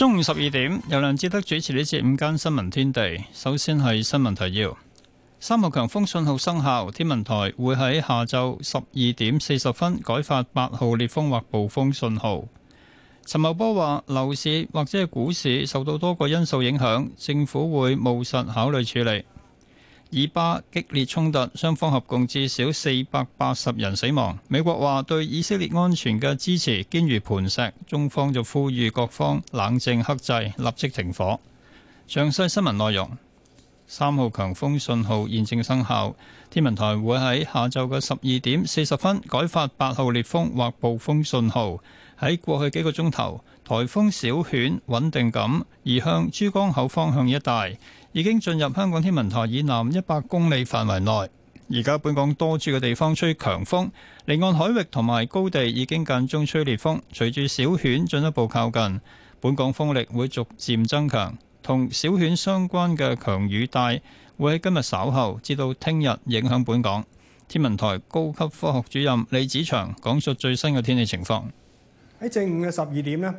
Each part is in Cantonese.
中午十二點，由梁志德主持呢節午間新聞天地。首先係新聞提要：三號強風信號生效，天文台會喺下晝十二點四十分改發八號烈風或暴風信號。陳茂波話：樓市或者係股市受到多個因素影響，政府會務實考慮處理。以巴激烈衝突，雙方合共至少四百八十人死亡。美國話對以色列安全嘅支持堅如磐石，中方就呼籲各方冷靜克制，立即停火。詳細新聞內容，三號強風信號現正生效，天文台會喺下晝嘅十二點四十分改發八號烈風或暴風信號。喺過去幾個鐘頭，颱風小犬穩定咁移向珠江口方向一帶，已經進入香港天文台以南一百公里範圍內。而家本港多處嘅地方吹強風，離岸海域同埋高地已經間中吹烈風。隨住小犬進一步靠近，本港風力會逐漸增強。同小犬相關嘅強雨帶會喺今日稍後至到聽日影響本港。天文台高級科學主任李子祥講述最新嘅天氣情況。喺正午嘅十二點呢。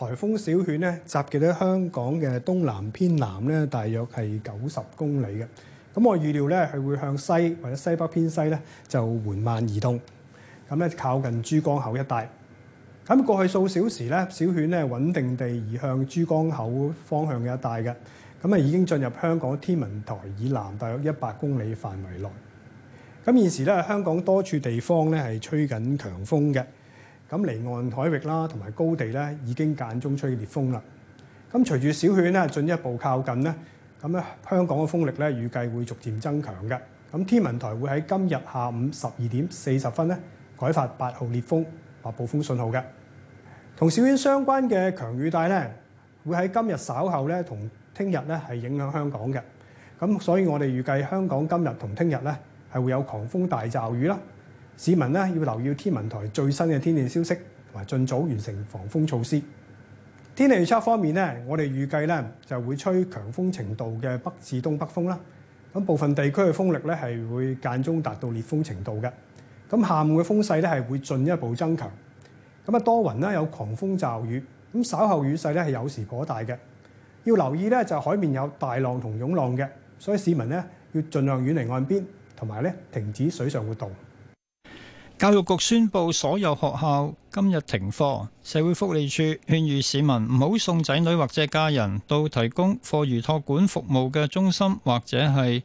颱風小犬咧，集結喺香港嘅東南偏南咧，大約係九十公里嘅。咁我預料咧，係會向西或者西北偏西咧，就緩慢移動。咁咧靠近珠江口一帶。咁過去數小時咧，小犬咧穩定地移向珠江口方向嘅一帶嘅。咁啊已經進入香港天文台以南大約一百公里範圍內。咁現時咧，香港多處地方咧係吹緊強風嘅。咁離岸海域啦，同埋高地咧已經間中吹烈風啦。咁隨住小犬咧進一步靠近咧，咁咧香港嘅風力咧預計會逐漸增強嘅。咁天文台會喺今日下午十二點四十分咧改發八號烈風或暴風信號嘅。同小犬相關嘅強雨帶咧，會喺今日稍後咧同聽日咧係影響香港嘅。咁所以我哋預計香港今日同聽日咧係會有狂風大驟雨啦。市民呢要留意天文台最新嘅天氣消息，同埋盡早完成防風措施。天氣預測方面呢，我哋預計呢就會吹強風程度嘅北至東北風啦。咁部分地區嘅風力呢係會間中達到烈風程度嘅。咁下午嘅風勢呢係會進一步增強，咁啊，多雲呢有狂風驟雨。咁稍後雨勢呢係有時頗大嘅。要留意呢就是海面有大浪同湧浪嘅，所以市民呢要盡量遠離岸邊，同埋呢停止水上活動。教育局宣布所有學校今日停課，社會福利處勸喻市民唔好送仔女或者家人到提供課餘托管服務嘅中心或者係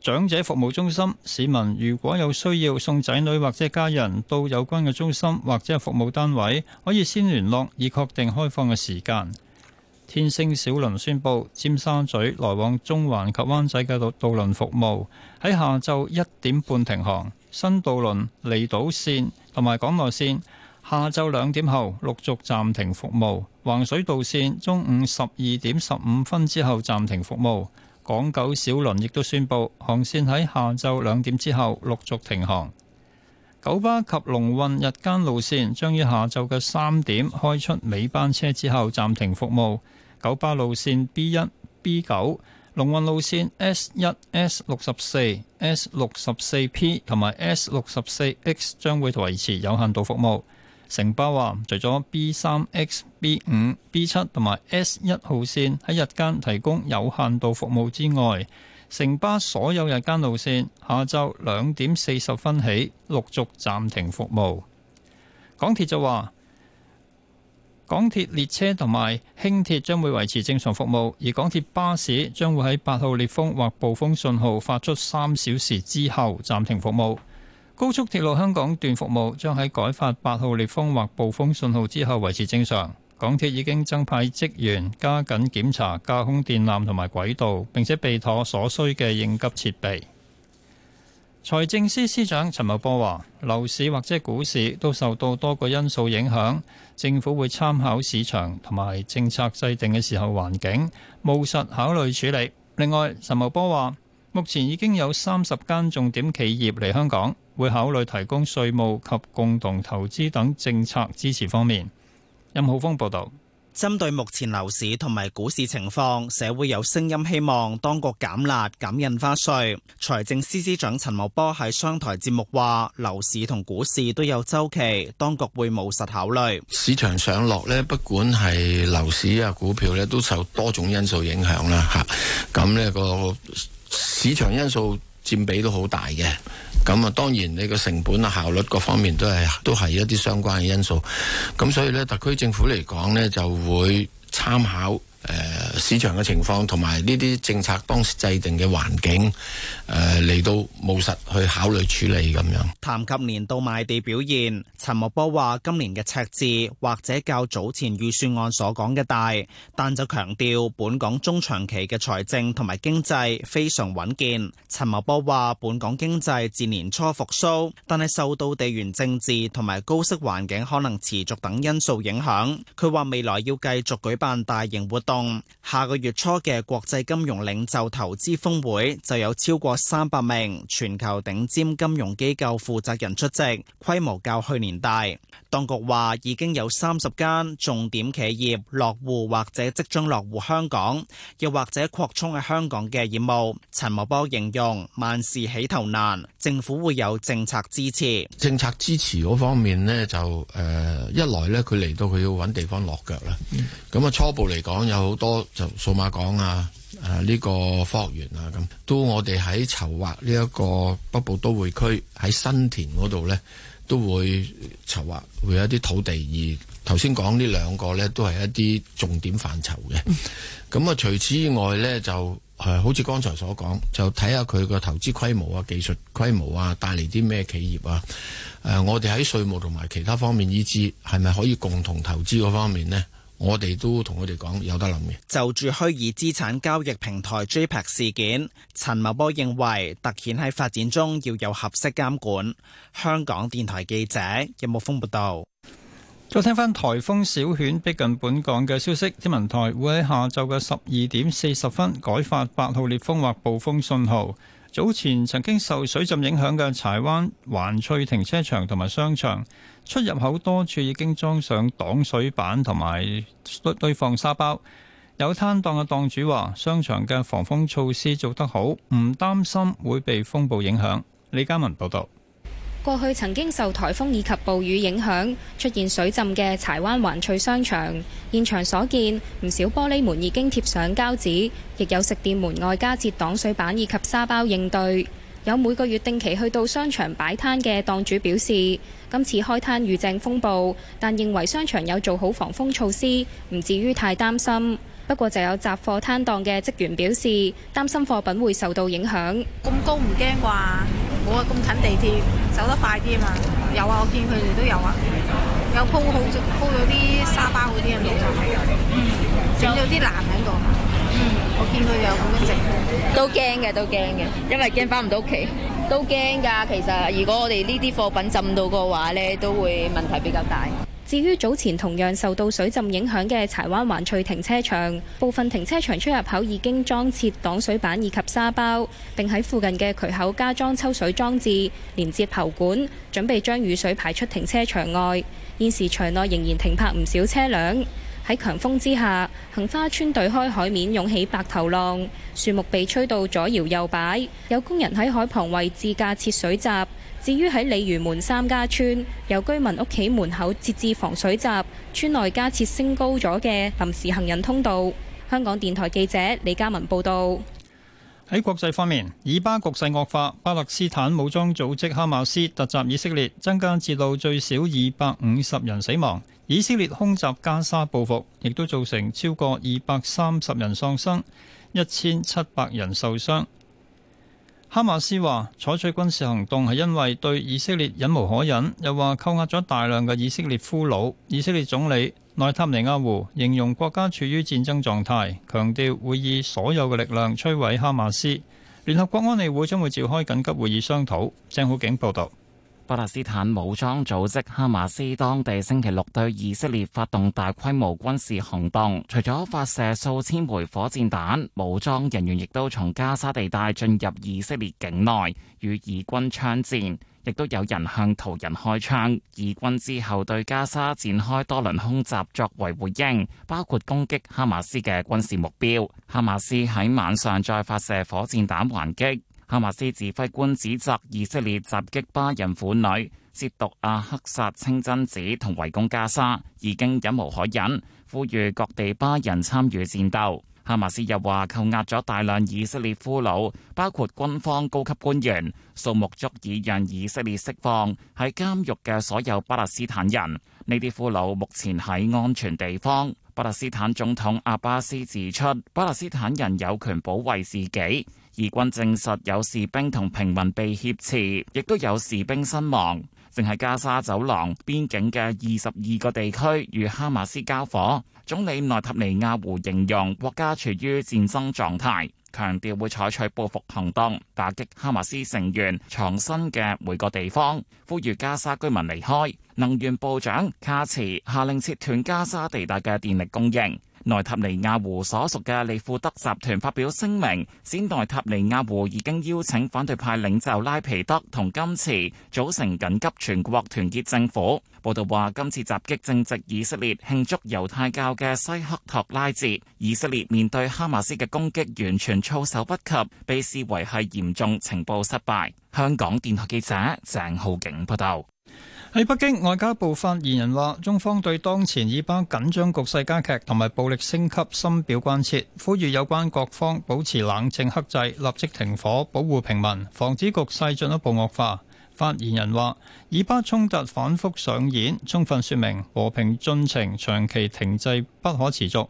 長者服務中心。市民如果有需要送仔女或者家人到有關嘅中心或者係服務單位，可以先聯絡，以確定開放嘅時間。天星小輪宣布，尖沙咀來往中環及灣仔嘅渡輪服務喺下晝一點半停航。新渡輪離島線同埋港內線下晝兩點後陸續暫停服務，橫水渡線中午十二點十五分之後暫停服務。港九小輪亦都宣布航線喺下晝兩點之後陸續停航。九巴及龍運日間路線將於下晝嘅三點開出尾班車之後暫停服務。九巴路線 B 一、B 九。龍運路線 S 一、S 六十四、S 六十四 P 同埋 S 六十四 X 將會維持有限度服務。城巴話，除咗 B 三 X、B 五、B 七同埋 S 一號線喺日間提供有限度服務之外，城巴所有日間路線下晝兩點四十分起陸續暫停服務。港鐵就話。港鐵列車同埋輕鐵將會維持正常服務，而港鐵巴士將會喺八號烈風或暴風信號發出三小時之後暫停服務。高速鐵路香港段服務將喺改發八號烈風或暴風信號之後維持正常。港鐵已經增派職員加緊檢查架空電纜同埋軌道，並且備妥所需嘅應急設備。財政司司長陳茂波話：樓市或者股市都受到多個因素影響，政府會參考市場同埋政策制定嘅時候環境，務實考慮處理。另外，陳茂波話：目前已經有三十間重點企業嚟香港，會考慮提供稅務及共同投資等政策支持方面。任浩峯報導。針對目前樓市同埋股市情況，社會有聲音希望當局減辣、減印花稅。財政司司長陳茂波喺商台節目話：樓市同股市都有周期，當局會務實考慮。市場上落呢，不管係樓市啊、股票呢，都受多種因素影響啦。嚇，咁呢個市場因素，佔比都好大嘅，咁啊當然你個成本啊效率各方面都係都係一啲相關嘅因素，咁所以呢，特區政府嚟講呢，就會參考。誒，市場嘅情況同埋呢啲政策當時制定嘅環境，誒、呃、嚟到務實去考慮處理咁樣。談及年度賣地表現，陳茂波話今年嘅赤字或者較早前預算案所講嘅大，但就強調本港中長期嘅財政同埋經濟非常穩健。陳茂波話本港經濟自年初復甦，但係受到地緣政治同埋高息環境可能持續等因素影響。佢話未來要繼續舉辦大型活動。下個月初嘅國際金融領袖投資峰會就有超過三百名全球頂尖金融機構負責人出席，規模較去年大。當局話已經有三十間重點企業落戶或者即將落戶香港，又或者擴充喺香港嘅業務。陳茂波形容萬事起頭難，政府會有政策支持。政策支持嗰方面呢，就誒、呃，一來呢，佢嚟到佢要揾地方落腳啦，咁啊、嗯、初步嚟講有。好多就數碼港啊，誒、啊、呢、這個科學園啊，咁都我哋喺籌劃呢一個北部都會區喺新田嗰度呢，都會籌劃會有一啲土地。而頭先講呢兩個呢，都係一啲重點範疇嘅。咁啊、嗯，除此以外呢，就誒、啊、好似剛才所講，就睇下佢個投資規模啊、技術規模啊，帶嚟啲咩企業啊。誒，我哋喺稅務同埋其他方面呢支係咪可以共同投資嗰方面呢？我哋都同佢哋講有得諗嘅。就住虛擬資產交易平台 JPEX 事件，陳茂波認為突顯喺發展中要有合適監管。香港電台記者任木峰報導。有有再聽翻颱風小犬逼近本港嘅消息，天文台會喺下晝嘅十二點四十分改發八號烈風或暴風信號。早前曾經受水浸影響嘅柴灣環翠停車場同埋商場，出入口多處已經裝上擋水板同埋堆放沙包。有攤檔嘅檔主話，商場嘅防風措施做得好，唔擔心會被風暴影響。李家文報道。過去曾經受台風以及暴雨影響出現水浸嘅柴灣環翠商場，現場所見唔少玻璃門已經貼上膠紙，亦有食店門外加設擋水板以及沙包應對。有每個月定期去到商場擺攤嘅檔主表示，今次開攤遇正風暴，但認為商場有做好防風措施，唔至於太擔心。不過就有雜貨攤檔嘅職員表示，擔心貨品會受到影響。咁高唔驚啩？冇啊，咁近地鐵，走得快啲啊嘛。有啊，我見佢哋都有啊。有鋪好鋪咗啲沙包嗰啲啊，嗯，整咗啲籃喺度。就有我見佢有咁一直都驚嘅，都驚嘅，因為驚翻唔到屋企，都驚噶。其實，如果我哋呢啲貨品浸到嘅話呢，都會問題比較大。至於早前同樣受到水浸影響嘅柴灣環翠停車場，部分停車場出入口已經裝設擋擋水板以及沙包，並喺附近嘅渠口加裝抽水裝置，連接喉管，準備將雨水排出停車場外。現時場內仍然停泊唔少車輛。喺強風之下，杏花村對開海面湧起白頭浪，樹木被吹到左搖右擺，有工人喺海旁位置架設水閘。至於喺鯉魚門三家村，由居民屋企門口設置防水閘，村內加設升高咗嘅臨時行人通道。香港電台記者李嘉文報道。喺國際方面，以巴局勢惡化，巴勒斯坦武裝組織哈馬斯突襲以色列，增加至到最少二百五十人死亡；以色列空襲加沙報復，亦都造成超過二百三十人喪生，一千七百人受傷。哈馬斯話採取軍事行動係因為對以色列忍無可忍，又話扣押咗大量嘅以色列俘虜。以色列總理，內塔尼亞胡形容國家處於戰爭狀態，強調會以所有嘅力量摧毀哈馬斯。聯合國安理會將會召開緊急會議商討。張好景報道。巴勒斯坦武裝組織哈馬斯當地星期六對以色列發動大規模軍事行動，除咗發射數千枚火箭彈，武裝人員亦都從加沙地帶進入以色列境內與以軍槍戰，亦都有人向途人開槍。以軍之後對加沙展開多輪空襲作為回應，包括攻擊哈馬斯嘅軍事目標。哈馬斯喺晚上再發射火箭彈還擊。哈馬斯指揮官指責以色列襲擊巴人婦女、褻瀆阿克薩清真寺同圍攻加沙，已經忍無可忍，呼籲各地巴人參與戰鬥。哈馬斯又話扣押咗大量以色列俘虜，包括軍方高級官員，數目足以讓以色列釋放喺監獄嘅所有巴勒斯坦人。呢啲俘虜目前喺安全地方。巴勒斯坦總統阿巴斯指出，巴勒斯坦人有權保衛自己。以軍證實有士兵同平民被挾持，亦都有士兵身亡。淨係加沙走廊邊境嘅二十二個地區與哈馬斯交火。總理內塔尼亞胡形容國家處於戰爭狀態，強調會採取報復行動，打擊哈馬斯成員藏身嘅每個地方，呼籲加沙居民離開。能源部長卡茨下令切斷加沙地帶嘅電力供應。內塔尼亞胡所屬嘅利庫德集團發表聲明，指內塔尼亞胡已經邀請反對派領袖拉皮德同金池組成緊急全國團結政府。報道話，今次襲擊正值以色列慶祝猶太教嘅西克托拉節，以色列面對哈馬斯嘅攻擊完全措手不及，被視為係嚴重情報失敗。香港電台記者鄭浩景報道。喺北京，外交部發言人話中方對當前以巴緊張局勢加劇同埋暴力升級深表關切，呼籲有關各方保持冷靜克制，立即停火，保護平民，防止局勢進一步惡化。發言人話以巴衝突反覆上演，充分說明和平進程長期停滯不可持續。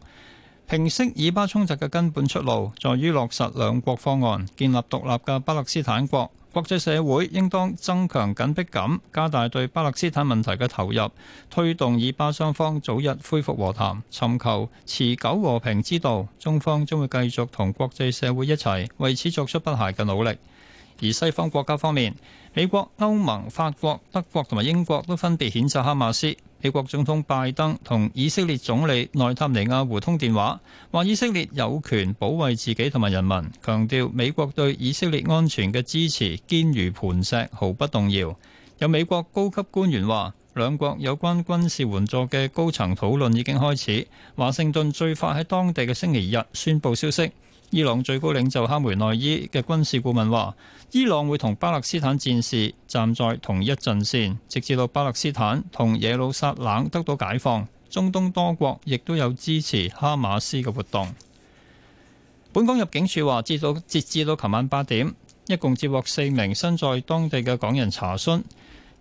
平息以巴衝突嘅根本出路，在於落實兩國方案，建立獨立嘅巴勒斯坦國。國際社會應當增強緊迫感，加大對巴勒斯坦問題嘅投入，推動以巴雙方早日恢復和談，尋求持久和平之道。中方將會繼續同國際社會一齊，為此作出不懈嘅努力。而西方國家方面，美國、歐盟、法國、德國同埋英國都分別譴責哈馬斯。美國總統拜登同以色列總理內塔尼亞胡通電話，話以色列有權保衛自己同埋人民，強調美國對以色列安全嘅支持堅如磐石，毫不動搖。有美國高級官員話，兩國有關軍事援助嘅高層討論已經開始，華盛頓最快喺當地嘅星期日宣布消息。伊朗最高領袖哈梅內伊嘅軍事顧問話：伊朗會同巴勒斯坦戰士站在同一陣線，直至到巴勒斯坦同耶路撒冷得到解放。中東多國亦都有支持哈馬斯嘅活動。本港入境處話：至到截至到琴晚八點，一共接獲四名身在當地嘅港人查詢。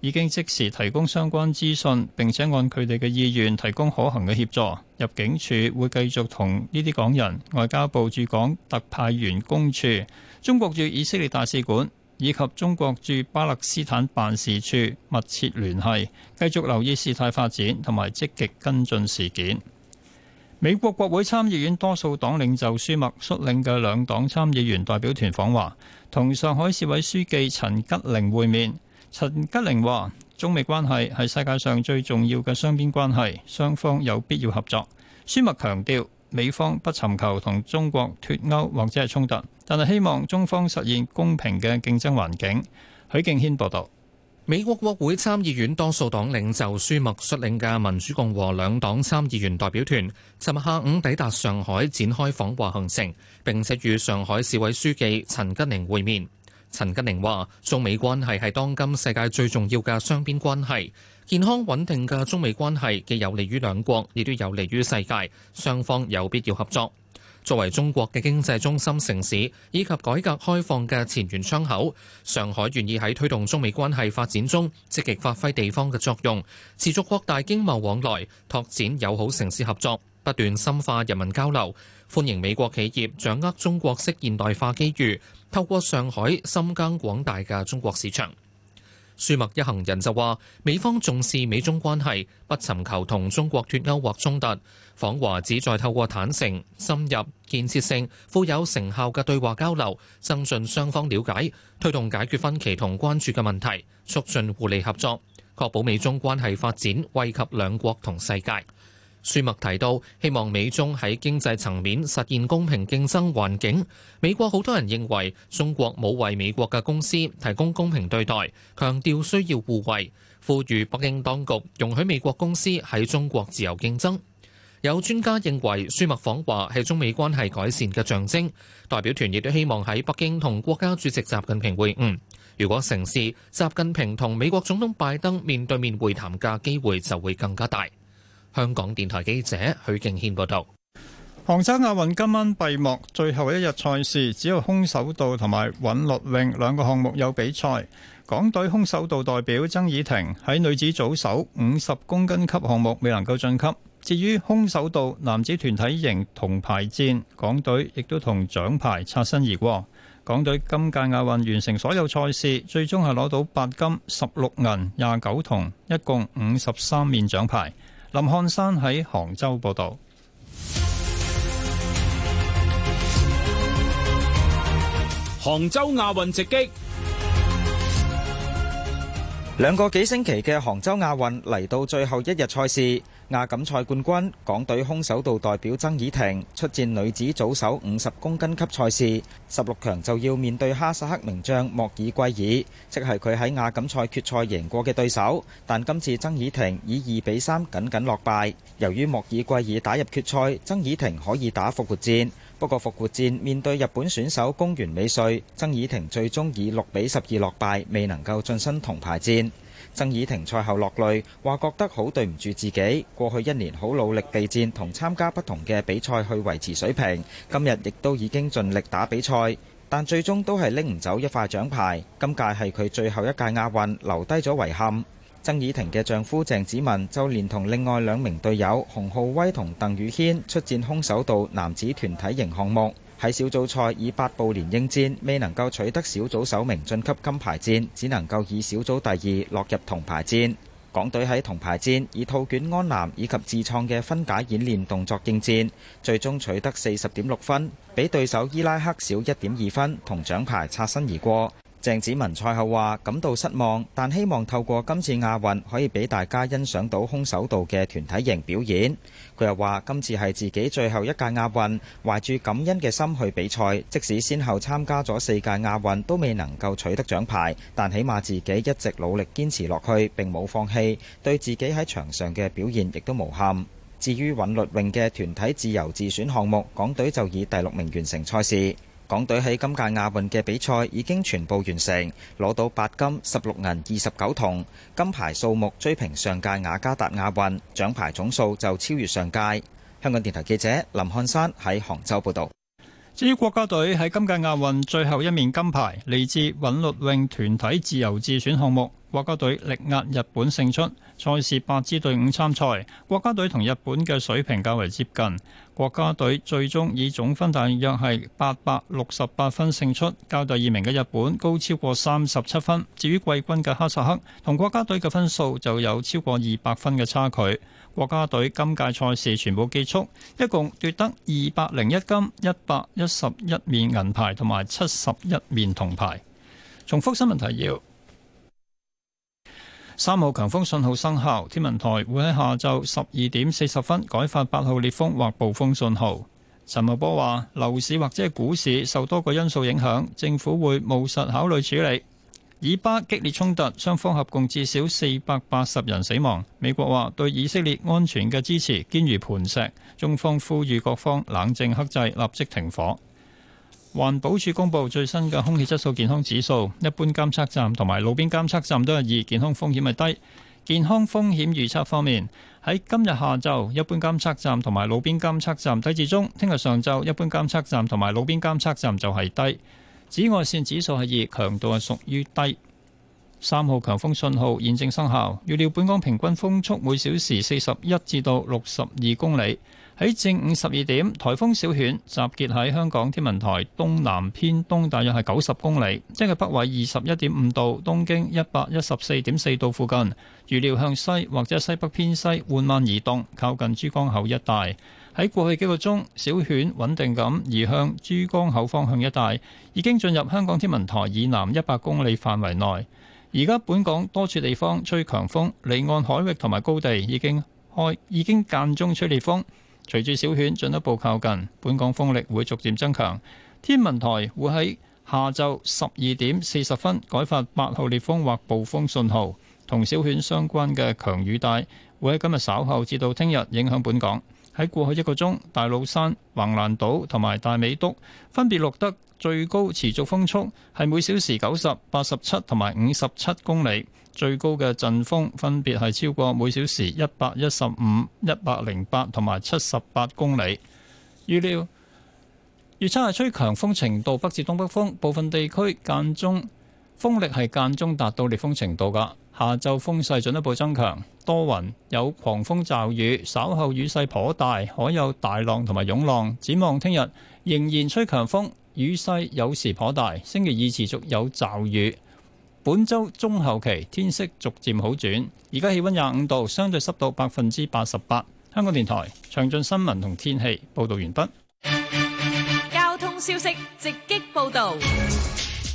已經即時提供相關資訊，並且按佢哋嘅意願提供可行嘅協助。入境處會繼續同呢啲港人、外交部駐港特派員公署、中國駐以色列大使館以及中國駐巴勒斯坦辦事處密切聯繫，繼續留意事態發展同埋積極跟進事件。美國國會參議院多數黨領袖舒默率領嘅兩黨參議員代表團訪華，同上海市委書記陳吉寧會面。陳吉寧話：中美關係係世界上最重要嘅雙邊關係，雙方有必要合作。舒默強調，美方不尋求同中國脫鈎或者係衝突，但係希望中方實現公平嘅競爭環境。許敬軒報道：美國國會參議院多數黨領袖舒默率領嘅民主共和兩黨參議員代表團，尋日下午抵達上海展開訪華行程，並且與上海市委書記陳吉寧會面。陳吉寧話：中美關係係當今世界最重要嘅雙邊關係，健康穩定嘅中美關係既有利於兩國，亦都有利於世界。雙方有必要合作。作為中國嘅經濟中心城市以及改革開放嘅前沿窗口，上海願意喺推動中美關係發展中，積極發揮地方嘅作用，持續擴大經貿往來，拓展友好城市合作，不斷深化人民交流。歡迎美國企業掌握中國式現代化機遇，透過上海深耕廣大嘅中國市場。舒默一行人就話，美方重視美中關係，不尋求同中國脱鉤或衝突。訪華旨在透過坦誠、深入、建設性、富有成效嘅對話交流，增進雙方了解，推動解決分歧同關注嘅問題，促進互利合作，確保美中關係發展惠及兩國同世界。舒默提到，希望美中喺經濟層面實現公平競爭環境。美國好多人認為中國冇為美國嘅公司提供公平對待，強調需要互惠，呼籲北京當局容許美國公司喺中國自由競爭。有專家認為，舒默訪華係中美關係改善嘅象徵。代表團亦都希望喺北京同國家主席習近平會晤。如果成事，習近平同美國總統拜登面對面會談嘅機會就會更加大。香港電台記者許敬軒報道：杭州亞運今晚閉幕，最後一日賽事只有空手道同埋韻律泳兩個項目有比賽。港隊空手道代表曾以婷喺女子組手五十公斤級項目未能夠晉級。至於空手道男子團體型銅牌戰，港隊亦都同獎牌擦身而過。港隊今屆亞運完成所有賽事，最終係攞到八金、十六銀、廿九銅，一共五十三面獎牌。林漢山喺杭州報道。杭州亞運直擊，兩個幾星期嘅杭州亞運嚟到最後一日賽事。亞錦賽冠軍港隊空手道代表曾以婷出戰女子組手五十公斤級賽事，十六強就要面對哈薩克名將莫爾季爾，即係佢喺亞錦賽決賽贏過嘅對手。但今次曾以婷以二比三僅僅落敗。由於莫爾季爾打入決賽，曾以婷可以打復活戰，不過復活戰面對日本選手宮原美穗，曾以婷最終以六比十二落敗，未能夠晉身銅牌戰。曾以婷賽後落淚，話覺得好對唔住自己。過去一年好努力備戰同參加不同嘅比賽去維持水平，今日亦都已經盡力打比賽，但最終都係拎唔走一塊獎牌。今屆係佢最後一屆亞運，留低咗遺憾。曾以婷嘅丈夫鄭子文就連同另外兩名隊友洪浩威同鄧宇軒出戰空手道男子團體型項目。喺小組賽以八步連應戰，未能夠取得小組首名晉級金牌戰，只能夠以小組第二落入銅牌戰，港隊喺銅牌戰以套卷安南以及自創嘅分解演練動作應戰，最終取得四十點六分，比對手伊拉克少一點二分，同獎牌擦身而過。鄭子文賽後話,感到失望,但希望透過今次亞運可以畀大家欣賞到空手道嘅團體型表演。佢又話,今次係自己最後一屆亞運,懷住感恩嘅心去比賽,即使先後參加咗四屆亞運都未能夠取得獎牌,但起碼自己一直努力堅持落去並冇放棄,對自己喺場上嘅表現亦都無憾。至於韻律泳嘅團體自由自選項目,港隊就以第六名完成賽事。港隊喺今屆亞運嘅比賽已經全部完成，攞到八金、十六銀、二十九銅，金牌數目追平上屆雅加達亞運，獎牌總數就超越上屆。香港電台記者林漢山喺杭州報道。至於國家隊喺今屆亞運最後一面金牌嚟自韻律泳團體自由自選項目，國家隊力壓日本勝出。賽事八支隊伍參賽，國家隊同日本嘅水平較為接近。國家隊最終以總分大約係八百六十八分勝出，較第二名嘅日本高超過三十七分。至於季軍嘅哈薩克，同國家隊嘅分數就有超過二百分嘅差距。國家隊今屆賽事全部結束，一共奪得二百零一金、一百一十一面銀牌同埋七十一面銅牌。重複新聞提要。三號強風信號生效，天文台會喺下晝十二點四十分改發八號烈風或暴風信號。陳茂波話：樓市或者股市受多個因素影響，政府會務實考慮處理。以巴激烈衝突，雙方合共至少四百八十人死亡。美國話對以色列安全嘅支持堅如磐石，中方呼籲各方冷靜克制，立即停火。環保署公布最新嘅空氣質素健康指數，一般監測站同埋路邊監測站都係二，健康風險係低。健康風險預測方面，喺今日下晝，一般監測站同埋路邊監測站低至中；聽日上晝，一般監測站同埋路邊監測站就係低。紫外線指數係二，強度係屬於低。三號強風信號現正生效，預料本港平均風速每小時四十一至到六十二公里。喺正午十二點，颱風小犬集結喺香港天文台東南偏東，大約係九十公里，即係北緯二十一點五度、東經一百一十四點四度附近。預料向西或者西北偏西緩慢移動，靠近珠江口一帶。喺過去幾個鐘，小犬穩定咁移向珠江口方向一帶，已經進入香港天文台以南一百公里範圍內。而家本港多處地方吹強風，離岸海域同埋高地已經開已經間中吹烈風。隨住小犬進一步靠近，本港風力會逐漸增強。天文台會喺下晝十二點四十分改發八號烈風或暴風信號。同小犬相關嘅強雨帶會喺今日稍後至到聽日影響本港。喺過去一個鐘，大老山、橫瀾島同埋大美督分別錄得。最高持續風速係每小時九十、八十七同埋五十七公里。最高嘅陣風分別係超過每小時一百一十五、一百零八同埋七十八公里。預料預測係吹強風程度，北至東北風，部分地區間中風力係間中達到烈風程度。噶下晝風勢進一步增強，多雲有狂風驟雨，稍後雨勢頗大，海有大浪同埋湧浪。展望聽日仍然吹強風。雨勢有時頗大，星期二持續有驟雨。本周中後期天色逐漸好轉，而家氣溫廿五度，相對濕度百分之八十八。香港電台詳盡新聞同天氣報道完畢。交通消息直擊報道。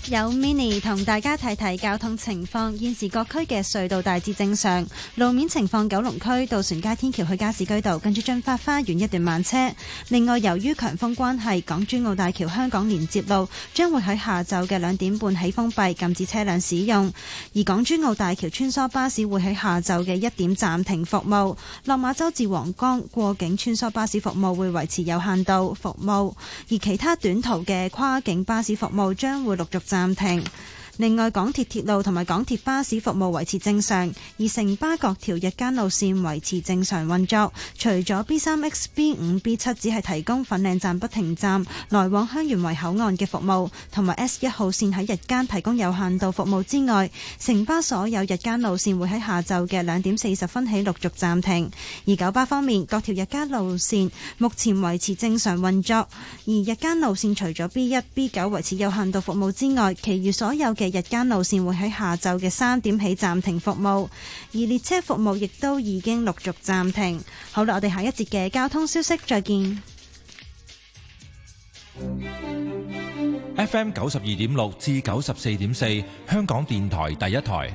有 Mini 同大家睇睇交通情況，現時各區嘅隧道大致正常，路面情況九龍區渡船街天橋去加士居道近住進發花園一段慢車。另外，由於強風關係，港珠澳大橋香港連接路將會喺下晝嘅兩點半起封閉，禁止車輛使用。而港珠澳大橋穿梭巴士會喺下晝嘅一點暫停服務，落馬洲至黃崗過境穿梭巴士服務會維持有限度服務，而其他短途嘅跨境巴士服務將會陸續暫停。三另外，港鐵鐵路同埋港鐵巴士服務維持正常，而城巴各條日間路線維持正常運作。除咗 B 三、X、B 五、B 七只係提供粉嶺站不停站來往香園圍口岸嘅服務，同埋 S 一號線喺日間提供有限度服務之外，城巴所有日間路線會喺下晝嘅兩點四十分起陸續暫停。而九巴方面，各條日間路線目前維持正常運作，而日間路線除咗 B 一、B 九維持有限度服務之外，其餘所有嘅。日間路線會喺下晝嘅三點起暫停服務，而列車服務亦都已經陸續暫停。好啦，我哋下一節嘅交通消息再見。FM 九十二點六至九十四點四，香港電台第一台。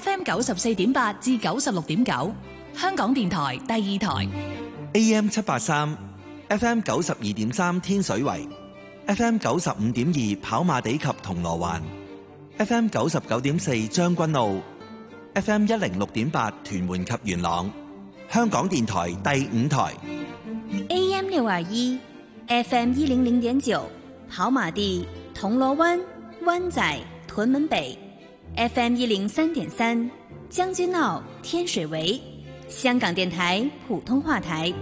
FM 九十四點八至九十六點九，香港電台第二台。AM 七八三，FM 九十二點三，天水圍。FM 九十五點二跑馬地及銅鑼灣，FM 九十九點四將軍澳，FM 一零六點八屯門及元朗，香港電台第五台，AM 六二一，FM 一零零點九跑馬地、銅鑼灣、灣仔、屯門北，FM 一零三點三將軍澳、天水圍，香港電台普通話台，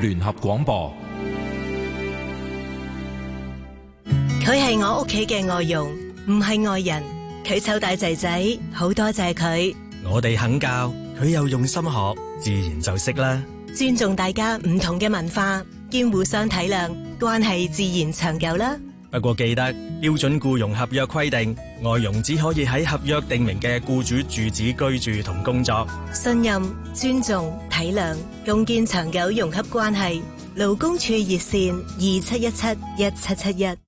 聯合廣播。佢係我屋企嘅外傭，唔係外人。佢湊大仔仔，好多謝佢。我哋肯教，佢又用心學，自然就識啦。尊重大家唔同嘅文化，兼互相體諒，關係自然長久啦。不過記得標準僱傭合約規定，外傭只可以喺合約定明嘅僱主住址居住同工作。信任、尊重、體諒，共建長久融洽關係。勞工處熱線：二七一七一七七一。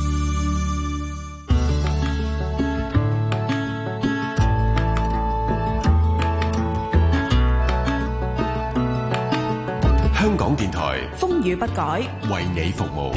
電台風雨不改，為你服務。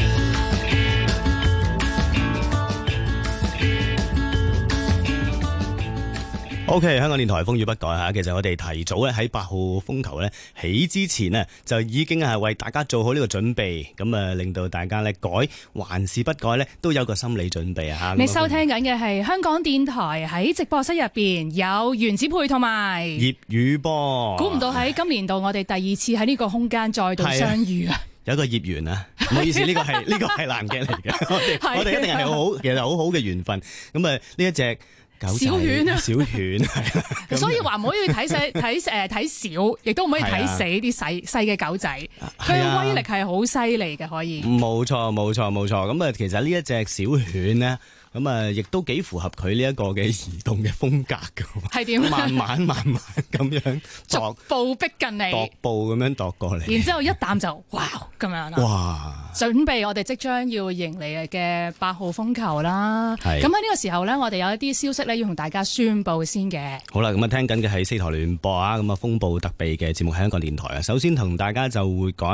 O.K. 香港電台風雨不改吓，其實我哋提早咧喺八號風球咧起之前咧就已經係為大家做好呢個準備，咁啊令到大家咧改還是不改咧都有個心理準備啊吓！你收聽緊嘅係香港電台，喺直播室入邊有原子配同埋葉宇波，估唔到喺今年度我哋第二次喺呢個空間再度相遇啊！有一個業緣啊，唔好意思，呢個係呢個係男嘅嚟嘅，我哋一定係好， 啊、其實好好嘅緣分。咁啊呢一隻。狗小犬圈啊，小犬， 所以話唔可以睇細睇誒睇小，亦都唔可以睇死啲細細嘅狗仔，佢嘅是、啊、威力係好犀利嘅，可以是、啊錯。冇錯，冇錯，冇錯。咁啊，其實呢一隻小犬咧。咁啊，亦都幾符合佢呢一個嘅移動嘅風格噶，係點，慢慢慢慢咁樣逐步逼近你，踱步咁樣踱過嚟，然之後一啖就哇咁樣，哇！準備我哋即將要迎嚟嘅八號風球啦。咁喺呢個時候咧，我哋有一啲消息咧要同大家宣布先嘅。好啦，咁啊聽緊嘅係四台聯播啊，咁啊風暴特備嘅節目喺香港電台啊。首先同大家就會講。